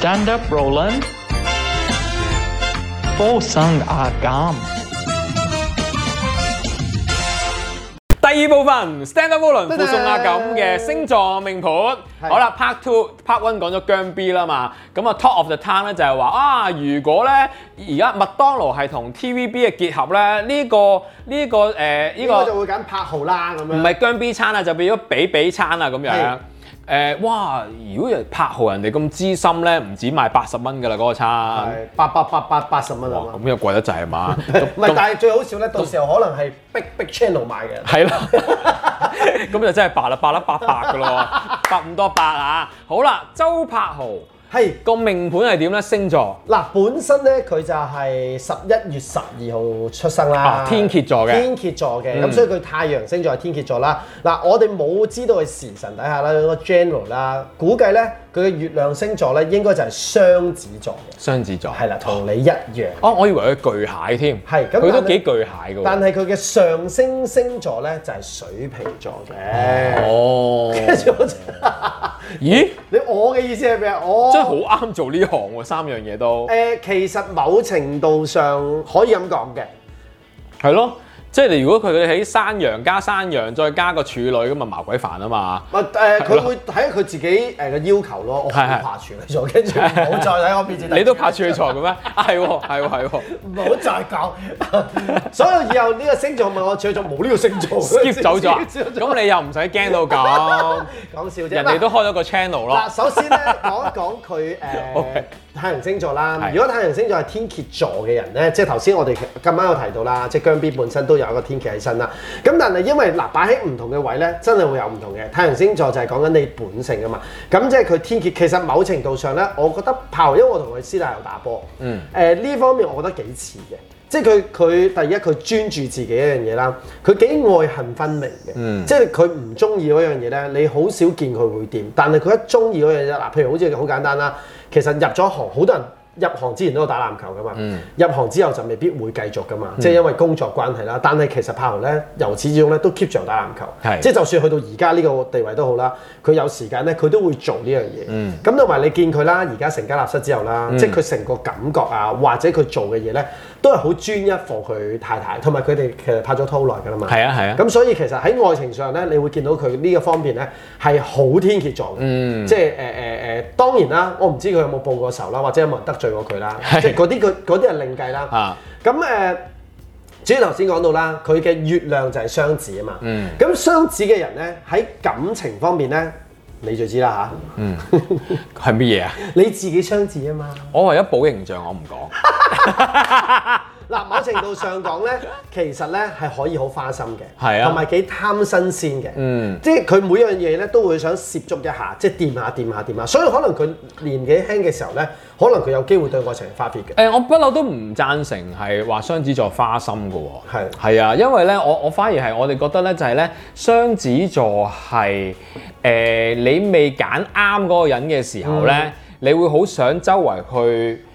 Stand up, Roland。附送啊咁。第二部分，Stand up, Roland 附送啊咁嘅星座命盤。是好啦，Part two、Part one 講咗姜 B 啦嘛，咁啊 Talk of the town 咧就係話啊，如果咧而家麥當勞係同 TVB 嘅結合咧，呢、這個呢、這個誒呢、呃這個就會揀柏豪啦咁樣。唔係姜 B 餐啊，就變咗比比餐啊咁樣。誒、呃、哇！如果人柏豪人哋咁資深咧，唔止賣、那個、八,八,八,八,八十蚊嘅啦，嗰個餐八百八百八十蚊啊！咁又貴得滯係嘛？唔係 但係最好笑咧， 到時候可能係 Big Big Channel 賣嘅。係啦，咁就真係八啦，八粒八百嘅咯喎，百五 多百啊！好啦，周柏豪。係個命盤係點咧？星座嗱，本身咧佢就係十一月十二號出生啦，天蠍座嘅。天蠍座嘅，咁、嗯、所以佢太陽星座係天蠍座啦。嗱、啊，我哋冇知道係時辰底下啦，general 啦，個 general，估計咧。佢嘅月亮星座咧，應該就係雙子座嘅。雙子座係啦，同你一樣。哦、啊，我以為佢巨蟹添。係，佢都幾巨蟹嘅。但係佢嘅上升星座咧，就係水瓶座嘅。哦， 咦？你我嘅意思係咩？我真係好啱做呢行喎、啊，三樣嘢都。誒、呃，其實某程度上可以咁講嘅，係咯。即係你，如果佢哋喺山羊加山羊再加個處女咁啊，麻鬼煩啊嘛！唔係誒，佢會睇佢自己誒嘅要求咯，我好怕處女座，跟住唔好再睇我面前。你都怕處女座嘅咩？係喎，係喎，係喎！唔好再講，所以以後呢個星座咪我處女座冇呢個星座，skip 走咗。咁你又唔使驚到咁講笑啫。人哋都開咗個 channel 咯。嗱，首先咧講一講佢誒，太陽星座啦，如果太陽星座係天蠍座嘅人咧，的即係頭先我哋今晚有提到啦，即係姜 B 本身都有一個天蠍喺身啦。咁但係因為嗱擺喺唔同嘅位咧，真係會有唔同嘅太陽星座，就係講緊你本性啊嘛。咁即係佢天蠍其實某程度上咧，我覺得炮，因為我同佢師奶有打波，誒呢、嗯呃、方面我覺得幾似嘅。即係佢佢第一佢專注自己一樣嘢啦，佢幾愛恨分明嘅，嗯、即係佢唔中意嗰樣嘢咧，你好少見佢會點。但係佢一中意嗰樣嘢，嗱譬如好似好簡單啦。其實入咗行，好多人入行之前都有打籃球噶嘛。嗯、入行之後就未必會繼續噶嘛，即係、嗯、因為工作關係啦。但係其實柏豪咧，由始至終咧都 keep 住打籃球，是即係就算去到而家呢個地位都好啦，佢有時間咧，佢都會做呢樣嘢。咁同埋你見佢啦，而家成家立室之後啦，嗯、即係佢成個感覺啊，或者佢做嘅嘢咧。都係好專一奉佢太太，同埋佢哋其實拍咗拖好耐噶啦嘛。係啊係啊。咁、啊、所以其實喺愛情上咧，你會見到佢呢個方面咧係好天蠍座嘅。嗯。即係誒誒誒，當然啦，我唔知佢有冇報過仇啦，或者有冇人得罪過佢啦。 即係嗰啲佢嗰啲係另計啦。咁誒、啊，至於頭先講到啦，佢嘅月亮就係雙子啊嘛。嗯。咁雙子嘅人咧喺感情方面咧。你就知啦吓，嗯，係乜嘢啊？ 你自己相子啊嘛，我為咗保形象，我唔講。嗱，某程度上講咧，其實咧係可以好花心嘅，係啊、同埋幾貪新鮮嘅，嗯、即係佢每樣嘢咧都會想涉足一下，即係掂下掂下掂下，所以可能佢年紀輕嘅時候咧，可能佢有機會對愛情發熱嘅。誒、呃，我不嬲都唔贊成係話雙子座花心嘅，係係是啊，因為咧我我反而係我哋覺得咧就係咧雙子座係誒、呃、你未揀啱嗰個人嘅時候咧，嗯、你會好想周圍去。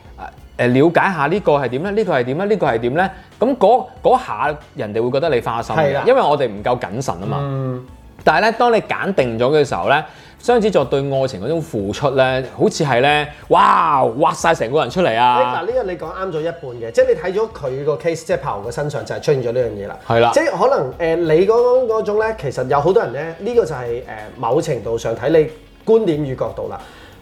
誒了解下呢個、呢個係點咧？呢個、呢個係點咧？呢個係點咧？咁嗰下人哋會覺得你花心嘅，因為我哋唔夠謹慎啊嘛。嗯、但係咧，當你揀定咗嘅時候咧，雙子座對愛情嗰種付出咧，好似係咧，哇挖晒成個人出嚟啊！嗱、欸，呢個你講啱咗一半嘅，即係你睇咗佢個 case，即係柏豪嘅身上就係出現咗呢樣嘢啦。係啦，即係可能誒、呃、你講嗰種咧，其實有好多人咧，呢、呢個就係、是、誒、呃、某程度上睇你觀點與角度啦。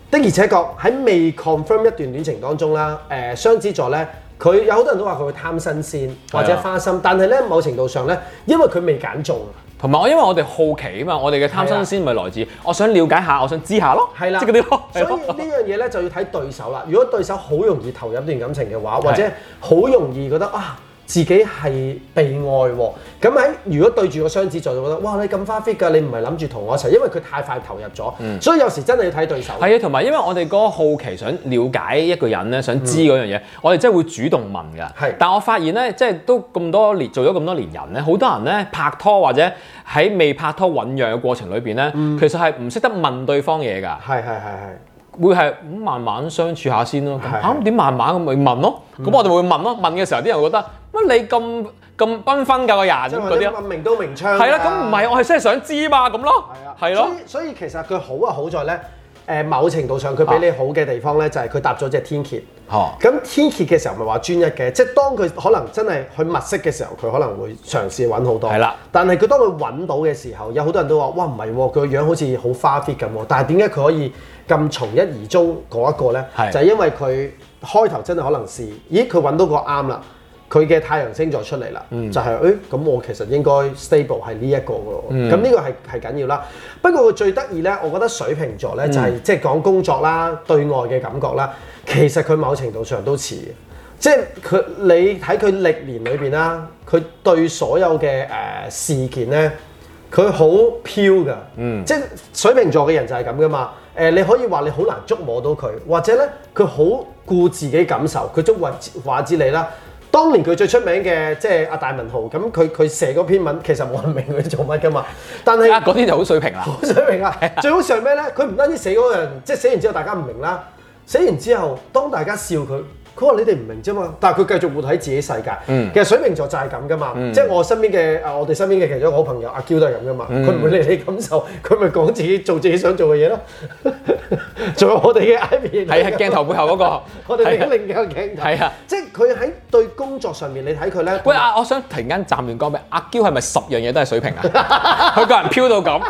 的而且確喺未 confirm 一段戀情當中啦，誒、呃、雙子座呢，佢有好多人都話佢會貪新鮮或者花心，是的 但係呢，某程度上呢，因為佢未揀中。同埋我因為我哋好奇啊嘛，我哋嘅貪新鮮咪來自是的 我想了解下，我想知下咯，即係嗰啲咯。所以呢樣嘢呢，就要睇對手啦。如果對手好容易投入一段感情嘅話，或者好容易覺得是的 啊。自己係被愛喎、哦，咁喺如果對住個雙子座，就覺得哇你咁花 fit 㗎，你唔係諗住同我一齊，因為佢太快投入咗，嗯、所以有時真係要睇對手。係啊，同埋因為我哋嗰個好奇，想了解一個人咧，想知嗰樣嘢，嗯、我哋真係會主動問㗎。係是，但我發現咧，即係都咁多年做咗咁多年人咧，好多人咧拍拖或者喺未拍拖醞釀嘅過程裏邊咧，嗯、其實係唔識得問對方嘢㗎。係係係係，會係咁慢慢相處下先咯、啊。嚇點的、啊、慢慢咁咪問咯、啊？咁我哋會問咯，問嘅時候啲人覺得。嗯乜你咁咁繽紛噶個人嗰啲？明係啦、啊啊，咁唔係我係真係想知嘛咁咯。係啊，係咯。所以其實佢好啊，好在咧，誒、呃、某程度上佢比你好嘅地方咧，啊、就係佢搭咗隻天蠍。哦。咁天蠍嘅時候咪係話專一嘅，即係當佢可能真係去物色嘅時候，佢可能會嘗試揾好多。係啦。但係佢當佢揾到嘅時候，有好多人都話：，哇唔係，佢個、啊、樣好似好花 fit 咁。但係點解佢可以咁從一而終嗰一個咧？係啊、就係因為佢開頭真係可能試，咦佢揾到個啱啦。佢嘅太陽星座出嚟啦，嗯、就係誒咁，哎、我其實應該 stable 係呢一個嘅。咁呢、嗯、個係係緊要啦。不過佢最得意呢，我覺得水瓶座呢、就係，嗯、就係即係講工作啦、對外嘅感覺啦，其實佢某程度上都似嘅。即係佢你喺佢歷年裏邊啦，佢對所有嘅誒、呃、事件呢，佢好飄㗎。嗯，即係水瓶座嘅人就係咁㗎嘛。誒、呃，你可以話你好難捉摸到佢，或者呢，佢好顧自己感受，佢捉話話知你啦。當年佢最出名嘅即係阿大文豪，咁佢佢寫嗰篇文，其實冇人明佢做乜㗎嘛。但係啊，嗰啲就好水平啦，好 水平啦。 最好笑係咩咧？佢唔單止寫嗰個人，即係寫完之後大家唔明啦。寫完之後，當大家笑佢。佢話你哋唔明啫嘛，但係佢繼續活喺自己世界。嗯、其實水瓶座就係咁噶嘛，嗯、即係我身邊嘅誒，我哋身邊嘅其中一個好朋友阿嬌都係咁噶嘛。佢唔、嗯、會理你感受，佢咪講自己做自己想做嘅嘢咯。仲 有我哋嘅 Ivan，係鏡頭背後嗰、那個， 我哋另一個鏡頭。係啊，即係佢喺對工作上面，你睇佢咧。喂啊，我想突然間站亂講咩？阿嬌係咪十樣嘢都係水瓶啊？佢 個人飄到咁。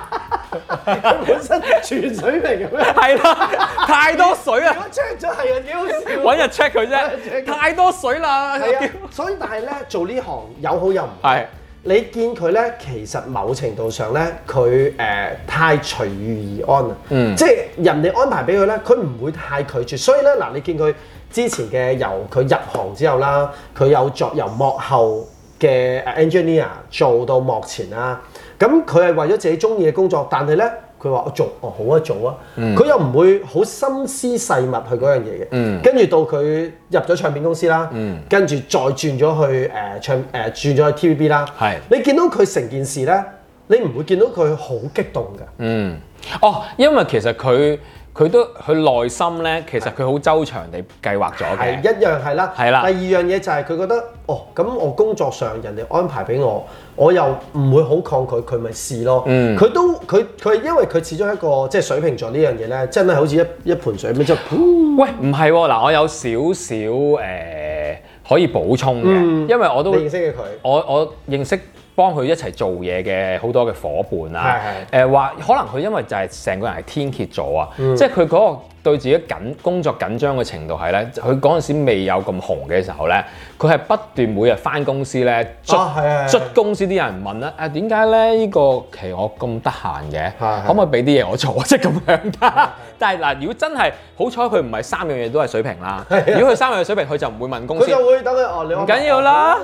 本身全水平咁樣，係 啦，太多水啦。如果 check 咗係啊，幾好笑。揾日 check 佢啫，太多水啦。係啊的， 所以但係咧，做呢行有好有唔好。的你見佢咧，其實某程度上咧，佢誒、呃、太隨遇而安啊。嗯，即係人哋安排俾佢咧，佢唔會太拒絕。所以咧，嗱，你見佢之前嘅由佢入行之後啦，佢有作由幕後嘅 engineer 做到幕前啦，啊，咁佢係為咗自己中意嘅工作，但係咧佢話我做，我、哦、好啊做啊，佢、嗯、又唔會好心思細密去嗰樣嘢嘅，嗯、跟住到佢入咗唱片公司啦，嗯、跟住再轉咗去誒、呃、唱誒、呃、轉咗去 T V B 啦是，係你見到佢成件事咧，你唔會見到佢好激動嘅，嗯，哦，因為其實佢。佢都佢內心咧，其實佢好周詳地計劃咗嘅。係一樣係啦。係啦。第二樣嘢就係佢覺得，哦咁我工作上人哋安排俾我，我又唔會好抗拒，佢咪試咯。嗯。佢都佢佢因為佢始終一個即係水瓶座呢樣嘢咧，真係好似一一盆水咁即係。嗯、喂，唔係嗱，我有少少誒可以補充嘅，嗯、因為我都認識佢，我我認識。幫佢一齊做嘢嘅好多嘅伙伴啊，誒話是是、呃、可能佢因為就係成個人係天蠍座啊，嗯、即係佢嗰個對自己緊工作緊張嘅程度係咧，佢嗰陣時未有咁紅嘅時候咧，佢係不斷每日翻公司咧，捽、啊、公司啲人問啦，誒點解咧？呢、呢個期我咁得閒嘅，是是可唔可以俾啲嘢我做？即係咁樣？哈哈是是是是但係嗱，如果真係好彩，佢唔係三樣嘢都係水平啦。啊、如果佢三樣嘢水平，佢就唔會問公司。就會等佢哦，你唔緊要啦，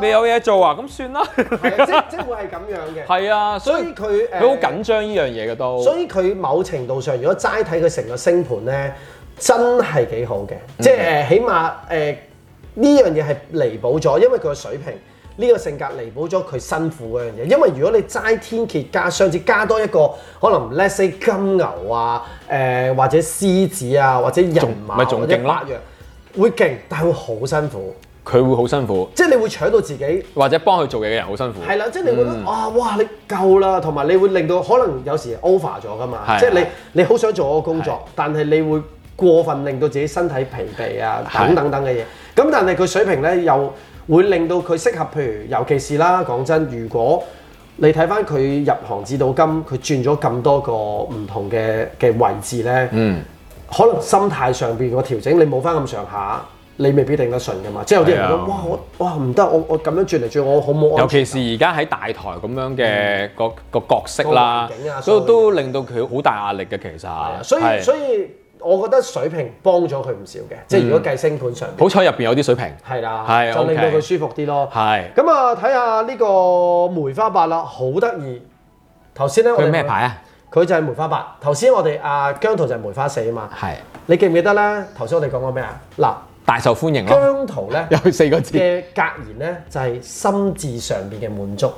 未有嘢做啊，咁、啊、算啦。啊、 即即會係咁樣嘅。係啊，所以佢佢好緊張呢樣嘢嘅都。所以佢某程度上，如果齋睇佢成個星盤咧，真係幾好嘅。即誒、嗯，起碼誒呢樣嘢係彌補咗，因為佢嘅水平。呢個性格彌補咗佢辛苦嘅樣嘢，因為如果你齋天蠍加雙子加多一個，可能 let's say，金牛啊，誒、呃、或者獅子啊或者人馬唔係仲勁甩樣，會勁但係會好辛苦。佢會好辛苦，即係你會搶到自己，或者幫佢做嘢嘅人好辛苦。係啦，即、就、係、是、你會覺得、嗯、啊，哇你夠啦，同埋你會令到可能有時 over 咗㗎嘛，即係的你你好想做嗰個工作，的但係你會過分令到自己身體疲憊啊等等等嘅嘢。咁的但係佢水平咧又。那個會令到佢適合，譬如尤其是啦，講真，如果你睇返佢入行至到今，佢轉咗咁多個唔同嘅嘅位置咧，嗯，可能心態上面個調整你冇返咁上下，你未必頂得順㗎嘛。即係有啲人講的，哇，我哇唔得，我我咁樣轉嚟轉，我好冇安全感。尤其是而家喺大台咁樣嘅個、嗯、個角色啦、啊，所以都，都令到佢好大壓力嘅其實。係所以所以。的的我覺得水瓶幫咗佢唔少嘅，即係如果計星盤上邊，嗯、好彩入邊有啲水瓶，係啦的，是就令到佢舒服啲咯。係咁啊，睇下呢個梅花八啦，好得意。頭先咧，佢咩牌啊？佢就係梅花八。頭先我哋啊姜濤就係梅花四啊嘛。係的。你記唔記得咧？頭先我哋講過咩啊？嗱，大受歡迎。姜濤咧有四個字嘅格言咧，就係、是、心智上邊嘅滿足，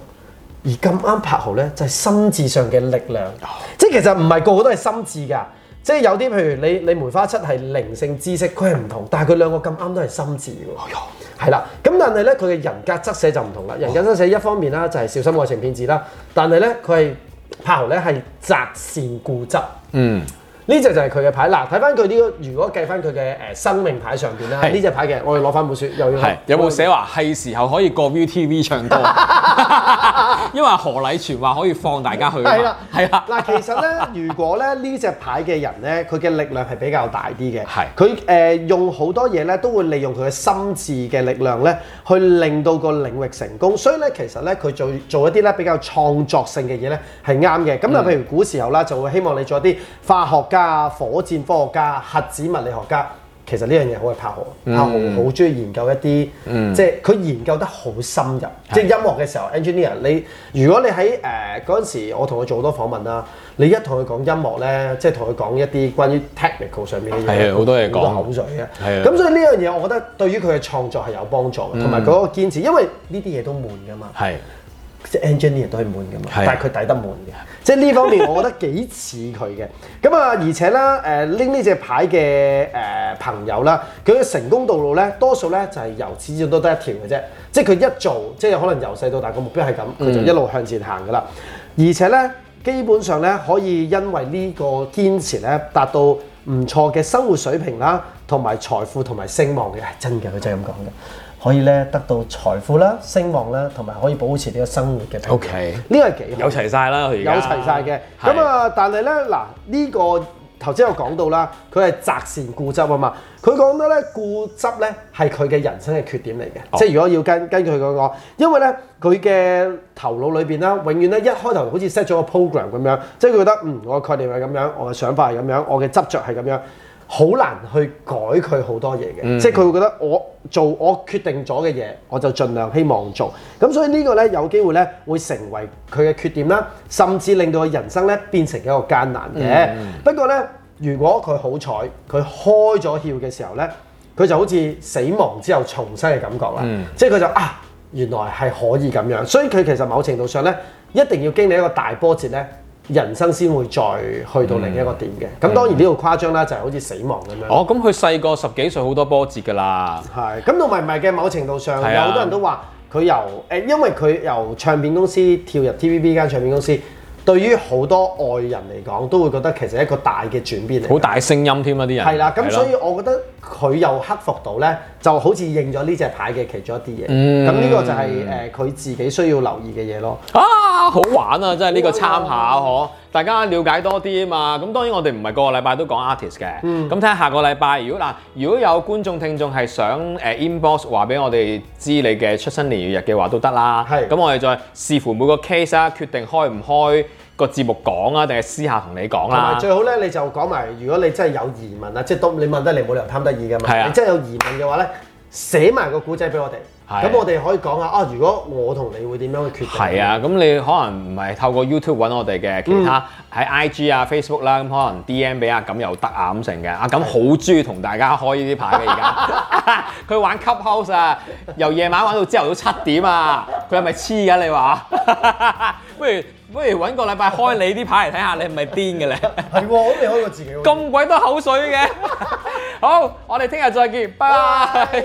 而咁啱柏豪咧就係、是、心智上嘅力量。即係、oh. 其實唔係個個都係心智㗎。即係有啲，譬如你你梅花七係靈性知識，佢係唔同，但係佢兩個咁啱都係心智喎，係啦、oh, yeah.。咁但係咧，佢嘅人格側寫就唔同啦。人格側寫一方面啦，就係小心愛情騙子啦。但係咧，佢係柏豪咧係擇善固執，嗯。Mm. 呢隻就係佢嘅牌，嗱睇翻佢呢個，如果計翻佢嘅誒生命牌上邊咧，呢是隻牌嘅，我要攞翻本書，又要係是要有冇寫話係要時候可以過 ViuTV 唱歌， 因為何禮全話可以放大家去啦，係啦，係啦。嗱其實咧，如果咧呢隻牌嘅人咧，佢嘅力量係比較大啲嘅，係佢誒用好多嘢咧，都會利用佢嘅心智嘅力量咧，去令到個領域成功，所以咧其實咧佢做做一啲咧比較創作性嘅嘢咧係啱嘅，咁啊譬如古時候啦，就會希望你做一啲化學家。嗯火箭科學家、核子物理學家，其實呢樣嘢好係柏豪，柏豪好中意研究一啲，嗯、即係佢研究得好深入。的即係音樂嘅時候，engineer，你如果你喺誒嗰陣時，我同佢做好多訪問啦，你一同佢講音樂咧，即係同佢講一啲關於 technical 上面嘅嘢，好的多嘢講，好多口水嘅。咁的所以呢樣嘢，我覺得對於佢嘅創作係有幫助，同埋佢嗰個堅持，因為呢啲嘢都悶㗎嘛。係的。即係 engineer 都係悶嘅嘛，是的 但係佢抵得悶嘅， 即係呢方面我覺得幾似佢嘅。咁啊，而且咧，誒拎呢隻牌嘅誒、呃、朋友啦，佢嘅成功道路咧，多數咧就係由始至終都得一條嘅啫。即係佢一做，即係可能由細到大個目標係咁，佢就一路向前行㗎啦。嗯、而且咧，基本上咧可以因為個堅呢個堅持咧，達到唔錯嘅生活水平啦，同埋財富同埋聲望嘅，真嘅，佢就係咁講嘅。可以咧得到財富啦、聲望啦，同埋可以保持呢個生活嘅平衡。呢 Okay, 個係幾有齊晒啦，有齊晒嘅。咁啊是，但係咧嗱，呢、這個頭先我講到啦，佢係擇善固執啊嘛。佢講得咧固執咧係佢嘅人生嘅缺點嚟嘅，oh。即係如果要跟跟佢講，因為咧佢嘅頭腦裏邊啦，永遠咧一開頭好似 set 咗個 program 咁樣，即係佢覺得嗯，我嘅概念係咁樣，我嘅想法係咁樣，我嘅執着係咁樣。好難去改佢好多嘢嘅，嗯、即係佢會覺得我做我決定咗嘅嘢，我就盡量希望做。咁所以呢個呢，有機會呢會成為佢嘅缺點啦，甚至令到佢人生呢變成一個艱難嘅。嗯、不過呢，如果佢好彩，佢開咗竅嘅時候呢，佢就好似死亡之後重生嘅感覺啦。嗯、即係佢就啊，原來係可以咁樣。所以佢其實某程度上呢，一定要經歷一個大波折呢。人生先會再去到另一個點嘅，咁、嗯、當然呢個誇張啦，就係、是、好似死亡咁樣。哦，咁佢細個十幾歲好多波折㗎啦。係，咁同埋唔係嘅，某程度上、啊、有好多人都話佢由誒，因為佢由唱片公司跳入 TVB 間唱片公司，對於好多外人嚟講，都會覺得其實係一個大嘅轉變嚟。好大聲音添啊！啲人係啦，咁、啊、所以我覺得。佢又克服到呢，就好似認咗呢隻牌嘅其中一啲嘢，咁呢、嗯、個就係誒佢自己需要留意嘅嘢咯。啊，好玩啊！真係呢個參考，可、啊、大家了解多啲啊嘛。咁當然我哋唔係個個禮拜都講 artist 嘅，咁睇下下個禮拜如果嗱，如果有觀眾聽眾係想誒 inbox 話俾我哋知你嘅出生年月日嘅話都得啦。係是，咁我哋再視乎每個 case 啊，決定開唔開。個節目講啊，定係私下同你講啊？同埋最好咧，你就講埋，如果你真係有疑問啊，即係都你問得，你冇理由貪得意嘅嘛。係啊。你真係有疑問嘅話咧，寫埋個故仔俾我哋。咁我哋可以講下，啊，如果我同你會點樣去決定？係啊，咁你可能唔係透過 YouTube 揾我哋嘅，嗯、其他喺 IG 啊、Facebook 啦、啊，咁可能 DM 俾阿錦又得啊，咁成嘅。阿錦好中意同大家開呢啲牌嘅而家，佢、 啊、玩 Clubhouse 啊，由夜晚玩到朝頭早七點啊，佢係咪黐㗎？你話？ 不如不如揾個禮拜開你啲牌嚟睇下，你係咪癲嘅咧？係喎，我都未開過自己喎。咁鬼多口水嘅，好，我哋聽日再見，拜拜。